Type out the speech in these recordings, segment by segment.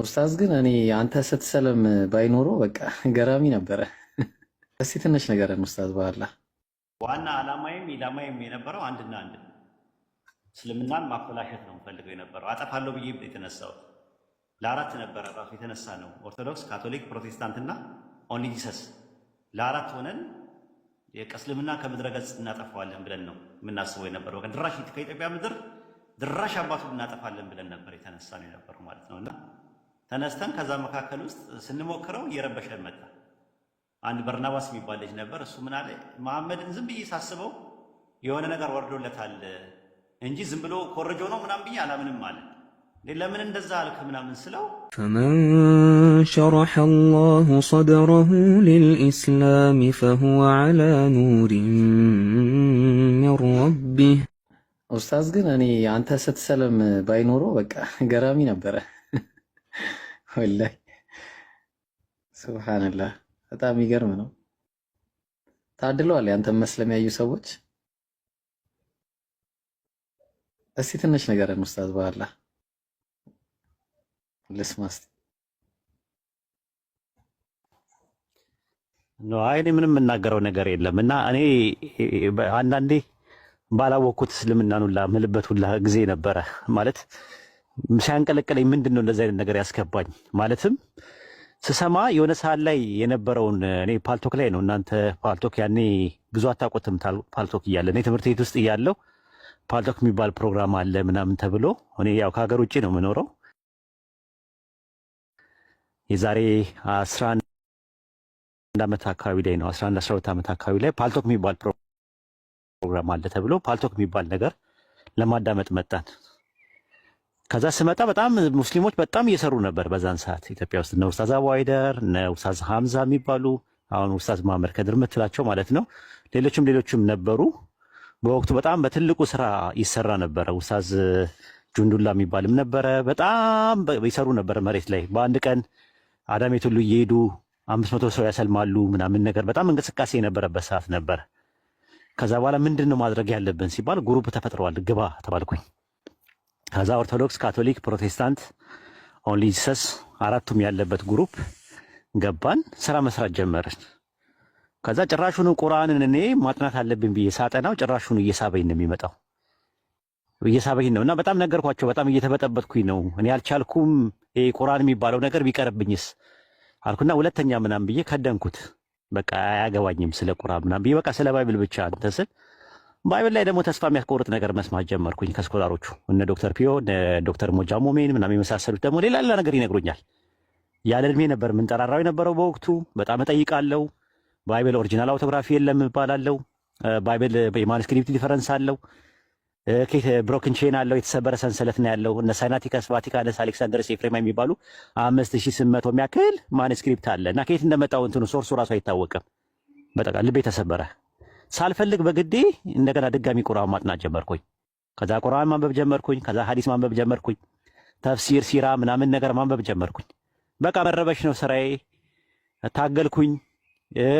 ኡስታዝ ግን እኔ አንተ ስትሰለም ባይኖሮ በቃ ገራሚ ነበረ። እስቲ ትንሽ ነገርን ኡስታዝ በኋላ ዋና ዓላማዬም ኢላማዬም የነበረው አንድና አንድ እስልምናን ማኮላሸት ነው ፈልገው የነበረው አጠፋለሁ ብዬ የተነሳው ለአራት ነበረ ራሱ የተነሳ ነው። ኦርቶዶክስ፣ ካቶሊክ፣ ፕሮቴስታንትና ኦንሊ ጂሰስ ለአራት ሆነን እስልምና ከምድረ ገጽ እናጠፋዋለን ብለን ነው የምናስበው የነበረው። ድራሽ ከኢትዮጵያ ምድር ድራሽ አባቱ እናጠፋለን ብለን ነበር የተነሳ ነው የነበረው ማለት ነው እና ተነስተን ከዛ መካከል ውስጥ ስንሞክረው እየረበሸን መጣ። አንድ በርናባስ የሚባል ልጅ ነበር። እሱ ምን አለ መሐመድን ዝም ብዬ ሳስበው የሆነ ነገር ወርዶለታል እንጂ ዝም ብሎ ኮረጆ ነው ምናምን ብዬ አላምንም አለ። ለምን እንደዛ አልክ ምናምን ስለው ፈመን ሸረሐ አላሁ ሰድረሁ ሊልኢስላሚ ፈሁወ ዐላ ኑሪን ሚን ረቢህ ኡስታዝ ግን እኔ አንተ ስትሰለም ባይኖረው በቃ ገራሚ ነበረ። ወላሂ ሱብሃንላህ በጣም ይገርም ነው። ታድለዋል ያንተን መስለም ያዩ ሰዎች። እስቲ ትንሽ ነገርን ኡስታዝ በኋላ ልስማስ ነው። አይ እኔ ምንም የምናገረው ነገር የለም እና እኔ አንዳንዴ ባላወቅኩት እስልምናን ሁላ ምልበት ሁላ ጊዜ ነበረ ማለት ሲያንቀለቀለኝ ምንድን ነው እንደዚህ አይነት ነገር ያስገባኝ ማለትም ስሰማ የሆነ ሰዓት ላይ የነበረውን እኔ ፓልቶክ ላይ ነው። እናንተ ፓልቶክ ያኔ ብዙ አታውቁትም። ፓልቶክ እያለ እኔ ትምህርት ቤት ውስጥ እያለው ፓልቶክ የሚባል ፕሮግራም አለ ምናምን ተብሎ እኔ ያው ከሀገር ውጭ ነው የምኖረው። የዛሬ አስራ አንድ ዓመት አካባቢ ላይ ነው አስራ አንድ አስራ ሁለት ዓመት አካባቢ ላይ ፓልቶክ የሚባል ፕሮግራም አለ ተብሎ ፓልቶክ የሚባል ነገር ለማዳመጥ መጣን። ከዛ ስመጣ በጣም ሙስሊሞች በጣም እየሰሩ ነበር በዛን ሰዓት ኢትዮጵያ ውስጥ እነ ኡስታዝ አዋይደር አይደር እነ ኡስታዝ ሀምዛ የሚባሉ አሁን ኡስታዝ ማመር ከድር ምትላቸው ማለት ነው። ሌሎችም ሌሎችም ነበሩ። በወቅቱ በጣም በትልቁ ስራ ይሰራ ነበረ። ኡስታዝ ጁንዱላ የሚባልም ነበረ። በጣም ይሰሩ ነበር መሬት ላይ በአንድ ቀን አዳሜት ሁሉ እየሄዱ አምስት መቶ ሰው ያሰልማሉ ምናምን ነገር በጣም እንቅስቃሴ የነበረበት ሰዓት ነበር። ከዛ በኋላ ምንድን ነው ማድረግ ያለብን ሲባል ግሩፕ ተፈጥረዋል ግባ ተባልኩኝ። ከዛ ኦርቶዶክስ፣ ካቶሊክ፣ ፕሮቴስታንት ኦንሊ አራቱም ያለበት ግሩፕ ገባን፣ ስራ መስራት ጀመርን። ከዛ ጭራሹኑ ቁርአንን እኔ ማጥናት አለብን ብዬ ሳጠናው ጭራሹኑ እየሳበኝ ነው የሚመጣው እየሳበኝ ነው እና በጣም ነገርኳቸው። በጣም እየተበጠበጥኩኝ ነው እኔ አልቻልኩም። ይሄ ቁርአን የሚባለው ነገር ቢቀርብኝስ አልኩና ሁለተኛ ምናምን ብዬ ከደንኩት። በቃ አያገባኝም ስለ ቁርአን ምናምን ብዬ በቃ ስለ ባይብል ብቻ እንትን ስል ባይብል ላይ ደግሞ ተስፋ የሚያስቆርጥ ነገር መስማት ጀመርኩኝ ከስኮላሮቹ እነ ዶክተር ፒዮ ዶክተር ሞጃ ሞሜን ምናምን የመሳሰሉት ደግሞ ሌላ ሌላ ነገር ይነግሩኛል። ያለ እድሜ ነበር ምንጠራራው የነበረው በወቅቱ በጣም እጠይቃለው ባይብል ኦሪጂናል አውቶግራፊ የለም እባላለሁ። ባይብል የማኑስክሪፕት ዲፈረንስ አለው። ብሮክን ቼን አለው። የተሰበረ ሰንሰለት ነው ያለው። እነ ሳይናቲከስ፣ ቫቲካነስ አሌክሳንደርስ፣ ኤፍሬማ የሚባሉ አምስት ሺህ ስምንት መቶ የሚያክል ማኑስክሪፕት አለ እና ከየት እንደመጣው እንትኑ ሶርሱ ራሱ አይታወቅም። በጠቃ ልቤ ተሰበረ። ሳልፈልግ በግዴ እንደገና ድጋሚ ቁርአን ማጥናት ጀመርኩኝ። ከዛ ቁርአን ማንበብ ጀመርኩኝ። ከዛ ሐዲስ ማንበብ ጀመርኩኝ። ተፍሲር፣ ሲራ ምናምን ነገር ማንበብ ጀመርኩኝ። በቃ መረበሽ ነው ስራዬ። ታገልኩኝ።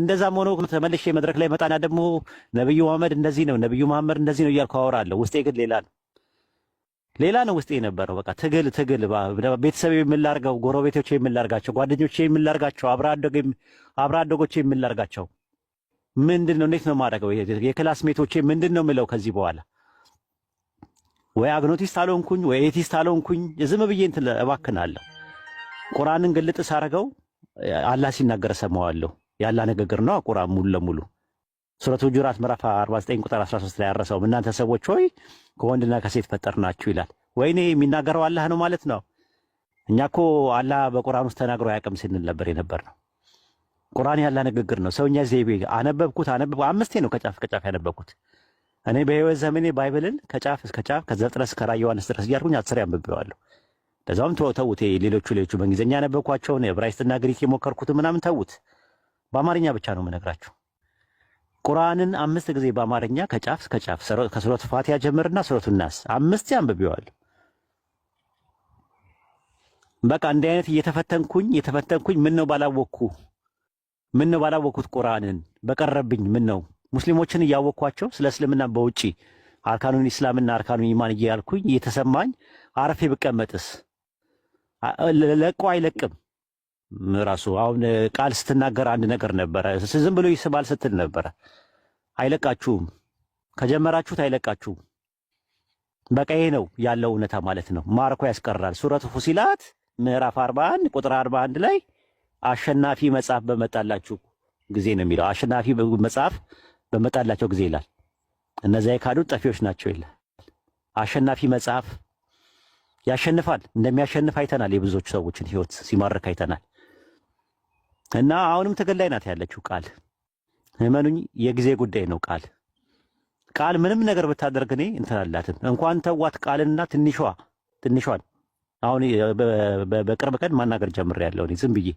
እንደዛም ሆኖ ተመልሼ መድረክ ላይ መጣና ደግሞ ነብዩ መሐመድ እንደዚህ ነው፣ ነብዩ መሐመድ እንደዚህ ነው እያልኩ አወራለሁ። ውስጤ ግን ሌላ ነው ሌላ ነው ውስጤ የነበረው። በቃ ትግል ትግል፣ ቤተሰብ የምላርገው፣ ጎረቤቶች የምላርጋቸው፣ ጓደኞች የምላርጋቸው፣ አብረ አደጎች የምላርጋቸው ምንድን ነው እንዴት ነው የማደርገው? የክላስሜቶቼ ምንድን ነው የምለው? ከዚህ በኋላ ወይ አግኖቲስት አልሆንኩኝ ወይ ኤቲስት አልሆንኩኝ፣ ዝም ብዬ እንትን እባክናለሁ። ቁርአንን ግልጥ ሳረገው አላህ ሲናገር ሰማዋለሁ። ያላ ንግግር ነው ቁርአን ሙሉ ለሙሉ ሱረቱ ጁራት ምዕራፍ 49 ቁጥር 13 ላይ ያረሰውም እናንተ ሰዎች ሆይ ከወንድና ከሴት ፈጠርናችሁ ይላል። ወይኔ የሚናገረው አላህ ነው ማለት ነው። እኛ እኮ አላህ በቁርአን ውስጥ ተናግሮ አያውቅም ስንል ነበር የነበር ነው። ቁርአን ያላ ንግግር ነው። ሰውኛ ዘይቤ አነበብኩት አነበብኩ አምስቴ ነው ከጫፍ ከጫፍ ያነበብኩት። እኔ በህይወት ዘመኔ ባይብልን ከጫፍ እስከ ጫፍ ከዘፍጥረት እስከ ራዕየ ዮሐንስ ድረስ እያልኩኝ አስር ያንብቤዋለሁ። ለዛውም ተውት። ሌሎቹ ሌሎቹ በእንግሊዝኛ ያነበብኳቸውን ዕብራይስጥና ግሪክ የሞከርኩት ምናምን ተውት። በአማርኛ ብቻ ነው የምነግራችሁ። ቁርአንን አምስት ጊዜ በአማርኛ ከጫፍ እስከ ጫፍ ከሱረት ፋቲያ ጀምርና ሱረቱ ናስ አምስቴ አንብቤዋለሁ። በቃ እንዲህ አይነት እየተፈተንኩኝ እየተፈተንኩኝ ምን ነው ባላወቅኩ ምን ነው ባላወቅኩት ቁርአንን በቀረብኝ ምን ነው ሙስሊሞችን እያወቅኳቸው ስለ እስልምና በውጪ አርካኑን ኢስላምና አርካኑን ኢማን እያልኩኝ እየተሰማኝ አረፌ ብቀመጥስ ለቆ አይለቅም። ራሱ አሁን ቃል ስትናገር አንድ ነገር ነበረ። ዝም ብሎ ይስባል ስትል ነበረ። አይለቃችሁም፣ ከጀመራችሁት አይለቃችሁም። በቃ ይሄ ነው ያለው እውነታ ማለት ነው። ማርኮ ያስቀራል። ሱረቱ ፉሲላት ምዕራፍ 41 ቁጥር 41 ላይ አሸናፊ መጽሐፍ በመጣላችሁ ጊዜ ነው የሚለው። አሸናፊ መጽሐፍ በመጣላቸው ጊዜ ይላል። እነዚያ የካዱ ጠፊዎች ናቸው ይላል። አሸናፊ መጽሐፍ ያሸንፋል። እንደሚያሸንፍ አይተናል። የብዙዎቹ ሰዎችን ህይወት ሲማርክ አይተናል። እና አሁንም ትግል ናት ያለችው ቃል። እመኑኝ የጊዜ ጉዳይ ነው። ቃል ቃል ምንም ነገር ብታደርግ እኔ እንትን እንኳን ተዋት ቃልንና ትንሿ ትንሿን አሁን በቅርብ ቀን ማናገር ጀምሬያለሁ እኔ ዝም ብዬ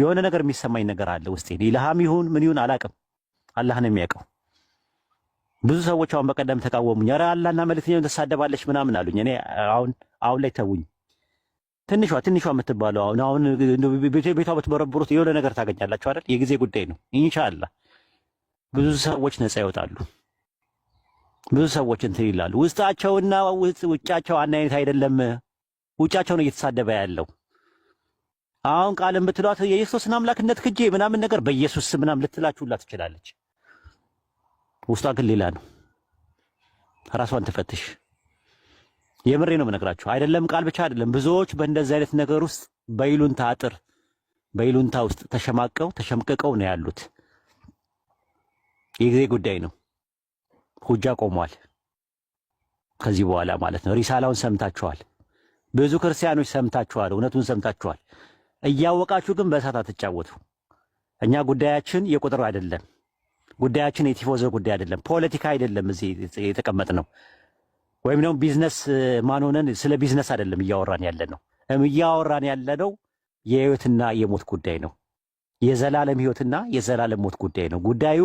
የሆነ ነገር የሚሰማኝ ነገር አለ ውስጤ። ኢልሃም ይሁን ምን ይሁን አላቅም፣ አላህ ነው የሚያውቀው። ብዙ ሰዎች አሁን በቀደም ተቃወሙኝ። ኧረ አላህና መልእክተኛውን ትሳደባለች ምናምን አሉኝ። እኔ አሁን አሁን ላይ ተውኝ። ትንሿ ትንሿ የምትባለው አሁን አሁን ቤቷ ብትበረብሩት የሆነ ነገር ታገኛላችሁ አይደል? የጊዜ ጉዳይ ነው። ኢንሻአላህ ብዙ ሰዎች ነጻ ይወጣሉ። ብዙ ሰዎች እንትን ይላሉ። ውስጣቸውና ውጫቸው አንድ አይነት አይደለም። ውጫቸው ነው እየተሳደበ ያለው። አሁን ቃል ብትሏት የኢየሱስን አምላክነት ክጄ ምናምን ነገር በኢየሱስ ምናምን ልትላችሁላ ትችላለች። ውስጧ ግን ሌላ ነው። ራሷን ትፈትሽ። የምሬ ነው የምነግራችሁ። አይደለም ቃል ብቻ አይደለም። ብዙዎች በእንደዚህ አይነት ነገር ውስጥ በይሉንታ አጥር በይሉንታ ውስጥ ተሸማቀው ተሸምቅቀው ነው ያሉት። የጊዜ ጉዳይ ነው። ሁጃ ቆሟል። ከዚህ በኋላ ማለት ነው። ሪሳላውን ሰምታችኋል። ብዙ ክርስቲያኖች ሰምታችኋል። እውነቱን ሰምታችኋል። እያወቃችሁ ግን በእሳት አትጫወቱ። እኛ ጉዳያችን የቁጥር አይደለም። ጉዳያችን የቲፎዞ ጉዳይ አይደለም። ፖለቲካ አይደለም። እዚህ የተቀመጥ ነው ወይም ደግሞ ቢዝነስ ማን ስለ ቢዝነስ አይደለም እያወራን ያለ ነው። እያወራን ያለ ነው የህይወትና የሞት ጉዳይ ነው። የዘላለም ህይወትና የዘላለም ሞት ጉዳይ ነው። ጉዳዩ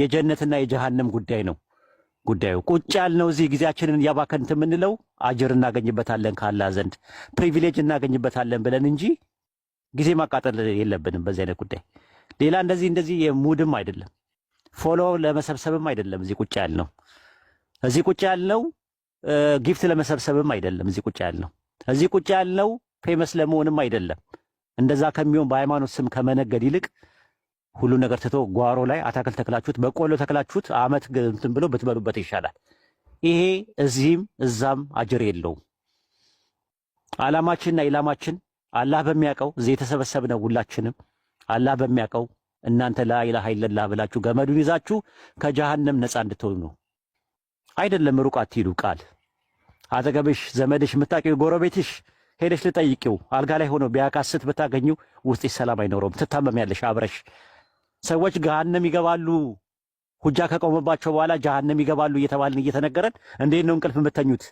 የጀነትና የጀሃነም ጉዳይ ነው። ጉዳዩ ቁጭ ያልነው እዚህ ጊዜያችንን እያባከንት የምንለው አጅር እናገኝበታለን ካላ ዘንድ ፕሪቪሌጅ እናገኝበታለን ብለን እንጂ ጊዜ ማቃጠል የለብንም በዚህ አይነት ጉዳይ። ሌላ እንደዚህ እንደዚህ የሙድም አይደለም ፎሎ ለመሰብሰብም አይደለም እዚህ ቁጭ ያልነው። እዚህ ቁጭ ያልነው ጊፍት ለመሰብሰብም አይደለም እዚህ ቁጭ ያልነው። እዚህ ቁጭ ያልነው ፌመስ ለመሆንም አይደለም። እንደዛ ከሚሆን በሃይማኖት ስም ከመነገድ ይልቅ ሁሉ ነገር ትቶ ጓሮ ላይ አታክል ተክላችሁት በቆሎ ተክላችሁት አመት እንትን ብሎ ብትበሉበት ይሻላል። ይሄ እዚህም እዛም አጅር የለውም። አላማችንና ኢላማችን አላህ በሚያውቀው እዚህ የተሰበሰብነው ሁላችንም አላህ በሚያውቀው እናንተ ላኢላሃ ኢለላህ ብላችሁ ገመዱን ይዛችሁ ከጀሃነም ነፃ እንድትሆኑ ነው። አይደለም ሩቅ አትሂዱ። ቃል አጠገብሽ ዘመድሽ የምታውቂው ጎረቤትሽ ሄደሽ ልጠይቂው። አልጋ ላይ ሆኖ ቢያካስት ብታገኙ ውስጥ ሰላም አይኖረውም። ትታመሚያለሽ አብረሽ። ሰዎች ገሃነም ይገባሉ ሁጃ ከቆመባቸው በኋላ ጀሃነም ይገባሉ እየተባልን እየተነገረን እንዴት ነው እንቅልፍ የምተኙት?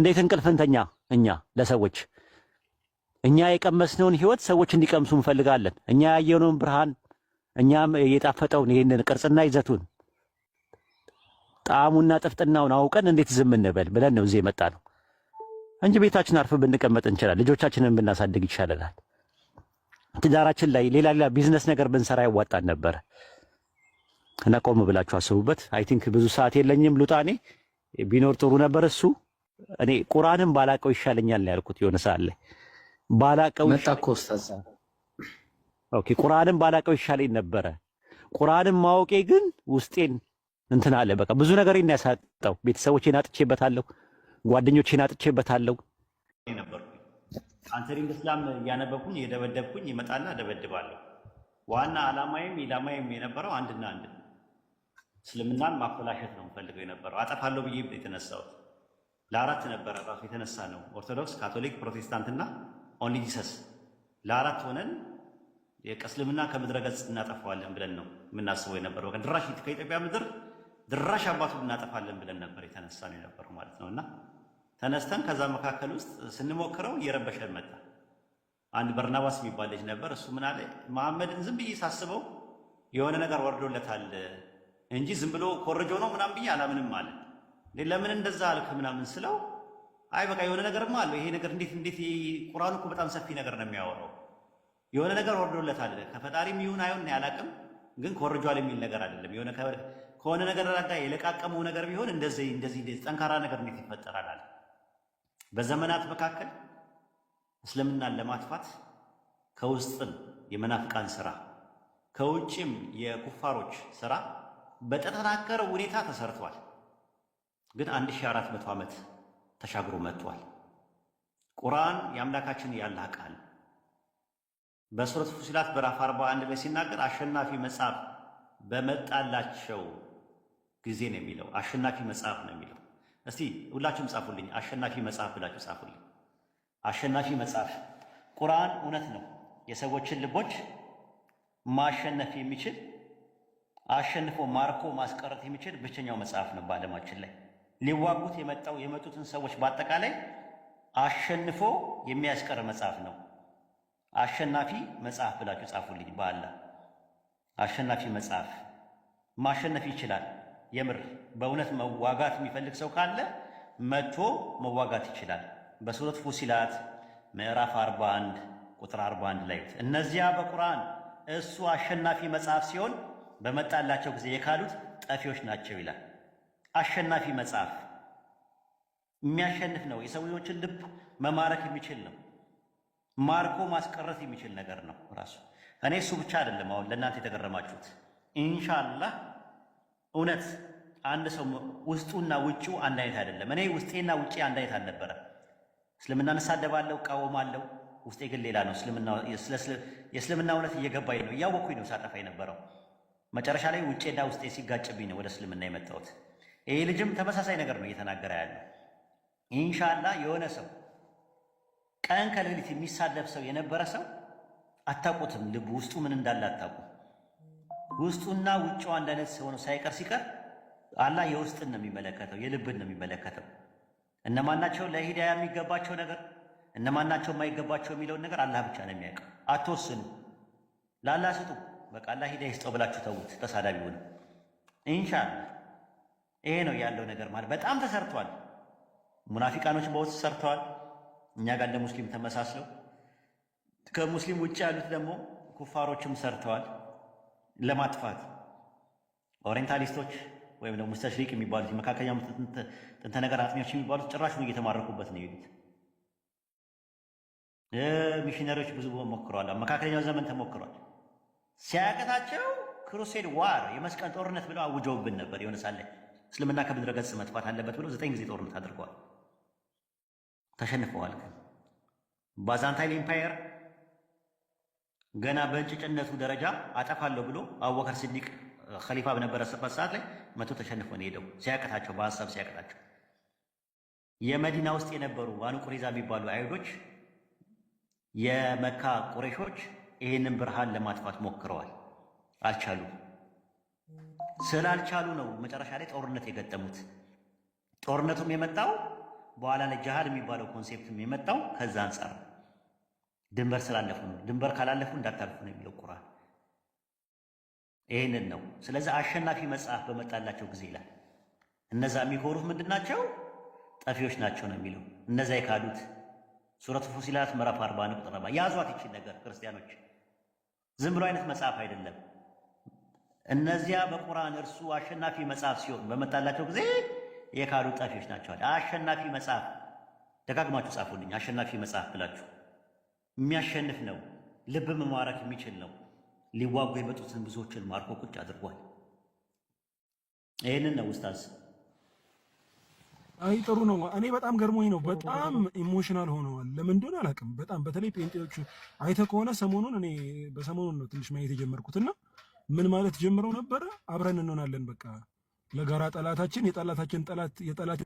እንዴት እንቅልፍ እንተኛ እኛ ለሰዎች እኛ የቀመስነውን ህይወት ሰዎች እንዲቀምሱ እንፈልጋለን። እኛ ያየነውን ብርሃን፣ እኛም የጣፈጠውን ይህንን ቅርጽና ይዘቱን ጣዕሙና ጥፍጥናውን አውቀን እንዴት ዝም እንበል ብለን ነው እዚህ የመጣ ነው እንጂ ቤታችን አርፍ ብንቀመጥ እንችላል። ልጆቻችንን ብናሳድግ ይሻለናል። ትዳራችን ላይ ሌላ ሌላ ቢዝነስ ነገር ብንሰራ ይዋጣን ነበረ እና ቆም ብላችሁ አስቡበት። አይ ቲንክ ብዙ ሰዓት የለኝም ሉጣኔ ቢኖር ጥሩ ነበር እሱ እኔ ቁራንም ባላቀው ይሻለኛል ያልኩት የሆነ ሰዓት ላይ ባላቀው ኦኬ ቁርአንን ባላቀው ይሻለኝ ነበረ። ቁርአንን ማወቄ ግን ውስጤን እንትን አለ። በቃ ብዙ ነገር ያሳጣው። ቤተሰቦቼን አጥቼበታለሁ፣ ጓደኞቼን አጥቼበታለሁ። አንሰሪን እስላም እያነበብኩኝ የደበደብኩኝ ይመጣና ደበድባለሁ። ዋና አላማዬም ኢላማዬም የነበረው አንድና አንድ እስልምናን ማፈላሸት ነው ፈልገው የነበረው። አጠፋለሁ ብዬ የተነሳሁት ለአራት ነበረ ራሱ የተነሳ ነው። ኦርቶዶክስ፣ ካቶሊክ፣ ፕሮቴስታንትና ኦንሊ ጂሰስ ለአራት ሆነን የቀስልምና ከምድረ ገጽ እናጠፋዋለን ብለን ነው የምናስበው የነበረው። ወገን ድራሽ ከኢትዮጵያ ምድር ድራሽ አባቱ እናጠፋለን ብለን ነበር የተነሳ ነው የነበረው ማለት ነው። እና ተነስተን ከዛ መካከል ውስጥ ስንሞክረው እየረበሸን መጣ። አንድ በርናባስ የሚባል ልጅ ነበር። እሱ ምን አለ፣ መሐመድን ዝም ብዬ ሳስበው የሆነ ነገር ወርዶለታል እንጂ ዝም ብሎ ኮረጆ ነው ምናምን ብዬ አላምንም አለ። ለምን እንደዛ አልክ ምናምን ስለው አይ በቃ የሆነ ነገርማ አለው ይሄ ነገር እንዴት እንዴት ቁርአን እኮ በጣም ሰፊ ነገር ነው የሚያወራው የሆነ ነገር ወርዶለታል ከፈጣሪም ይሁን አይሁን ያላቅም ግን ኮርጇል የሚል ነገር አይደለም። የሆነ ከሆነ ነገር ጋር የለቃቀመው ነገር ቢሆን እንደዚህ እንደዚህ ጠንካራ ነገር እንዴት ይፈጠራል አለ። በዘመናት መካከል እስልምናን ለማጥፋት ከውስጥም የመናፍቃን ስራ ከውጭም የኩፋሮች ስራ በተጠናከረ ሁኔታ ተሰርቷል። ግን 1400 ዓመት ተሻግሮ መጥቷል። ቁርአን የአምላካችን ያላህ ቃል በሱረት ፉሲላት በራፍ 41 ላይ ሲናገር አሸናፊ መጽሐፍ በመጣላቸው ጊዜ ነው የሚለው። አሸናፊ መጽሐፍ ነው የሚለው። እስቲ ሁላችሁም ጻፉልኝ፣ አሸናፊ መጽሐፍ ብላችሁ ጻፉልኝ። አሸናፊ መጽሐፍ ቁርአን እውነት ነው። የሰዎችን ልቦች ማሸነፍ የሚችል አሸንፎ ማርኮ ማስቀረት የሚችል ብቸኛው መጽሐፍ ነው በዓለማችን ላይ። ሊዋጉት የመጣው የመጡትን ሰዎች በአጠቃላይ አሸንፎ የሚያስቀር መጽሐፍ ነው። አሸናፊ መጽሐፍ ብላችሁ ጻፉልኝ። በአላህ አሸናፊ መጽሐፍ ማሸነፍ ይችላል። የምር በእውነት መዋጋት የሚፈልግ ሰው ካለ መጥቶ መዋጋት ይችላል። በሱረት ፉሲላት ምዕራፍ 41 ቁጥር 41 ላይ እነዚያ በቁርአን እሱ አሸናፊ መጽሐፍ ሲሆን በመጣላቸው ጊዜ የካሉት ጠፊዎች ናቸው ይላል። አሸናፊ መጽሐፍ የሚያሸንፍ ነው። የሰውዮችን ልብ መማረክ የሚችል ነው። ማርኮ ማስቀረት የሚችል ነገር ነው ራሱ። እኔ እሱ ብቻ አይደለም አሁን ለእናንተ የተገረማችሁት። ኢንሻላህ እውነት አንድ ሰው ውስጡና ውጭው አንድ አይነት አይደለም። እኔ ውስጤና ውጪ አንድ አይነት አልነበረ። እስልምና እንሳደባለሁ፣ እቃወማለሁ። ውስጤ ግን ሌላ ነው። የእስልምና እውነት እየገባኝ ነው፣ እያወቅኩኝ ነው ሳጠፋ የነበረው። መጨረሻ ላይ ውጭና ውስጤ ሲጋጭብኝ ነው ወደ እስልምና የመጣሁት። ይሄ ልጅም ተመሳሳይ ነገር ነው እየተናገረ ያለው። ኢንሻላህ የሆነ ሰው ቀን ከሌሊት የሚሳለፍ ሰው የነበረ ሰው አታውቁትም። ልብ ውስጡ ምን እንዳለ አታውቁም። ውስጡና ውጭው አንድ አይነት ሆኖ ሳይቀር ሲቀር አላህ የውስጥን ነው የሚመለከተው፣ የልብን ነው የሚመለከተው። እነማናቸው ለሂዳያ የሚገባቸው ነገር እነማናቸው የማይገባቸው የሚለውን ነገር አላህ ብቻ ነው የሚያውቀው። አትወስኑ፣ ለአላህ ስጡ። በቃ አላህ ሂዳያ ይስጠው ብላችሁ ተዉት። ተሳዳቢ ሆነ ኢንሻላ ይሄ ነው ያለው ነገር ማለት በጣም ተሰርቷል። ሙናፊቃኖች በውስጥ ሰርተዋል። እኛ ጋር እንደ ሙስሊም ተመሳስለው ከሙስሊም ውጭ ያሉት ደግሞ ኩፋሮችም ሰርተዋል ለማጥፋት ኦሪንታሊስቶች ወይም ደግሞ ሙስተሽሪቅ የሚባሉት የመካከኛ ጥንተ ነገር አጥኚዎች የሚባሉት ጭራሽ ነው እየተማረኩበት ነው የሄዱት። ሚሽነሪዎች ብዙ ሞክረዋል። መካከለኛው ዘመን ተሞክሯል። ሲያቀታቸው ክሩሴድ ዋር የመስቀል ጦርነት ብለው አውጀውብን ነበር የሆነ ሳለ እስልምና ከምድረገጽ መጥፋት አለበት ብለው ዘጠኝ ጊዜ ጦርነት አድርገዋል። ተሸንፈዋል። ግን ባዛንታይን ኢምፓየር ገና በእንጭጭነቱ ደረጃ አጠፋለሁ ብሎ አቡበከር ሲዲቅ ኸሊፋ በነበረበት ሰዓት ላይ መቶ ተሸንፎ ነው ሄደው ሲያቀታቸው፣ በሀሳብ ሲያቀታቸው የመዲና ውስጥ የነበሩ ባኑ ቁሪዛ የሚባሉ አይሁዶች የመካ ቁረሾች ይህንን ብርሃን ለማጥፋት ሞክረዋል፣ አልቻሉም። ስላልቻሉ ነው መጨረሻ ላይ ጦርነት የገጠሙት። ጦርነቱም የመጣው በኋላ ላይ ጃሃድ የሚባለው ኮንሴፕትም የመጣው ከዛ አንጻር ድንበር ስላለፉ ነው። ድንበር ካላለፉ እንዳታልፉ ነው የሚለው ቁርአን ይህንን ነው። ስለዚህ አሸናፊ መጽሐፍ በመጣላቸው ጊዜ ይላል እነዛ የሚኮሩት ምንድን ናቸው? ጠፊዎች ናቸው ነው የሚለው እነዛ የካዱት። ሱረቱ ፉሲላት ምዕራፍ አርባ ቁጥር ያዟት ይችን ነገር ክርስቲያኖች፣ ዝም ብሎ አይነት መጽሐፍ አይደለም። እነዚያ በቁርአን እርሱ አሸናፊ መጽሐፍ ሲሆን በመጣላቸው ጊዜ የካዱ ጣፊዎች ናቸዋል። አሸናፊ መጽሐፍ ደጋግማችሁ ጻፉልኝ። አሸናፊ መጽሐፍ ብላችሁ የሚያሸንፍ ነው፣ ልብ መማረክ የሚችል ነው። ሊዋጉ የመጡትን ብዙዎችን ማርኮ ቁጭ አድርጓል። ይህንን ነው ኡስታዝ። አይ ጥሩ ነው። እኔ በጣም ገርሞኝ ነው። በጣም ኢሞሽናል ሆነዋል። ለምን እንደሆነ አላውቅም። በጣም በተለይ ጴንጤዎቹ አይተ ከሆነ ሰሞኑን እኔ በሰሞኑን ነው ትንሽ ማየት የጀመርኩትና ምን ማለት ጀምረው ነበረ? አብረን እንሆናለን በቃ ለጋራ ጠላታችን የጠላታችን ጠላት የጠላት